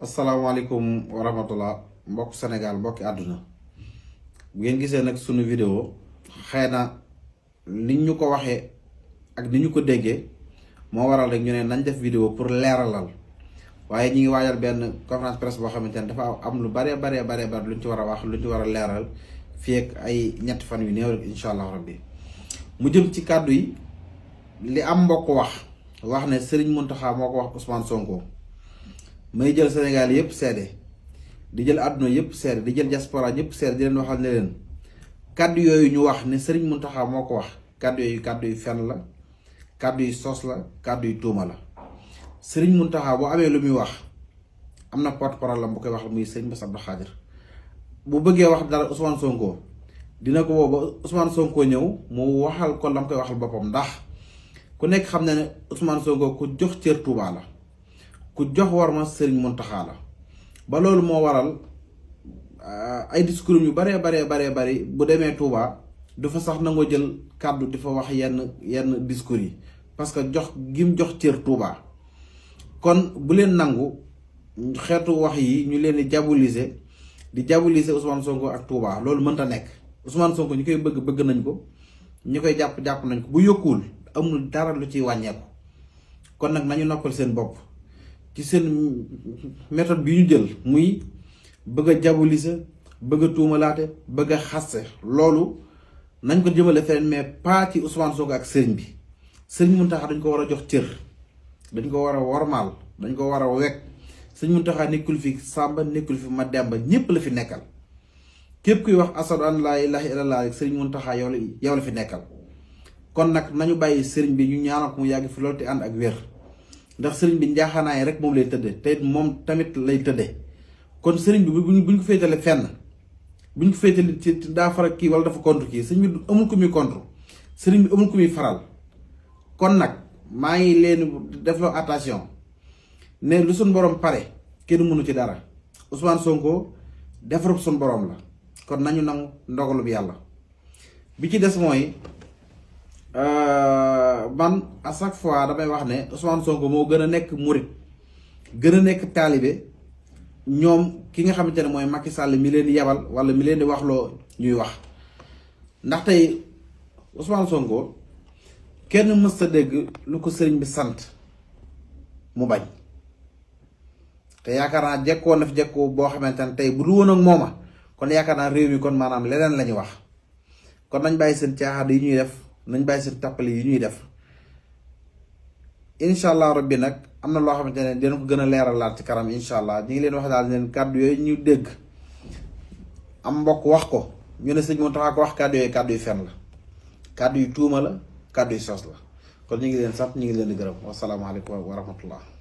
asalaamaaleykum wa rahmatullah mbokk Sénégal mbokki àdduna bu ngeen gisee nag sunu vidéo xëy na ni ñu ko waxee ak ni ñu ko déggee moo waral rek ñu ne nañ def vidéo pour leeralal waaye ñi ngi waajal benn conférence presse boo xamante ne dafa am lu baree baree baree lu luñ ci war a wax luñ ci war a leeral fii ak ay ñetti fan yu néew rek incha allah rabbi mu jëm ci kàddu yi li am mbokk wax wax ne Serigne Mountakha moo ko wax Ousmane Sonko. may jël Sénégal yëpp seede di jël àdduna yëpp seede di jël diaspora yëpp seede di leen waxal ne leen kàddu yooyu ñu wax ni ne Serigne Mountakha moo ko wax kàddu yooyu kàddu yu fen la kàddu yu soos la kàddu yu tuuma la Serigne Mountakha boo amee lu muy wax am na porte parole la bu koy wax muy Serigne Bass Abdou Khadir bu bëggee wax dara Ousmane Sonko dina ko woo ba Ousmane Sonko ñëw mu waxal ko la mu koy waxal boppam ndax ku nekk xam na ne Ousmane Sonko ku jox cër Touba la. ku jox war ma sëriñ Muntaxa ba loolu moo waral euh, ay discours yu baree baree baree bari bu demee Touba du fa sax nangoo jël kàddu di fa wax yenn yenn discours yi parce que jox gim jox cër Touba kon bu leen nangu xeetu wax yi ñu leen di diaboliser di diaboliser Ousmane Sonko ak Touba loolu mënta nekk Ousmane Sonko ñu koy bëgg bëgg nañ ko ñu koy jàpp jàpp nañ ko bu yokkuwul amul dara lu ciy wàññeeku kon nag nañu noppal seen bopp. ci seen méthode bi ñu jël muy bëgg a diaboliser bëgg a tuumalaate bëgg xaste loolu nañ ko jëmale feneen mais pas ci Ousmane Sonko ak sëriñ bi sëriñ Mountakha dañ ko war a jox cër dañ ko war a wormaal dañ ko war a wekk sëriñ Mountakha nekkul fi Samba nekkul fi ma demba ñépp la fi nekkal képp kuy wax asadu an laa ilaaha illallaah rek sëriñ Mountakha yow la yow la fi nekkal kon nag nañu bàyyi sëriñ bi ñu ñaanal mu yàgg fi loolu te ànd ak wér ndax sëriñ bi njaaxaanaay rek moom lay tëddee te moom tamit lay tëddee kon sëriñ bi buñ buñ ko féetalee fenn bu ñu féetalee ci daa faral kii wala dafa contre kii sëriñ bi amul ku muy contre sëriñ bi amul ku faral kon nag maa ngi leen defloo attention ne lu suñ borom pare kenn mënu ci dara Ousmane Sonko defarub suñ borom la kon nañu nangu ndogalub yàlla bi ci des mooy. Euh, man à chaque fois damay wax ne Ousmane Sonko moo gën a nekk murit gën a nekk taalibe ñoom ki nga xamante ne mooy makki sàll mi leen di yebal wala mi leen di waxloo ñuy wax ndax tey Ousmane Sonko kenn mës sa dégg lu ko sëriñ bi sant mu bañ te yaakaar naa jekkoo na jekkoo boo xamante ne tey bu du woon ak mooma kon yaakaar naa réew mi kon maanaam leneen la ñuy wax kon nañ bàyyi seen caaxaan yi ñuy def. nañ bàyyi seen tàppale yu ñuy def incha allah rabbi nag am na loo xamante ne dina ko gën a leeral laat ci kanam incha allah ñi ngi leen wax daal leen kàddu yooyu ñu dégg am mbokk wax ko ñu ne sëñ moo taxaa ko wax kàddu yooyu kàddu yu fen la kàddu yu tuuma la kàddu yu sos la kon ñu ngi leen sant ñu ngi leen di gërëm wasalaamaaleykum wa rahmatullah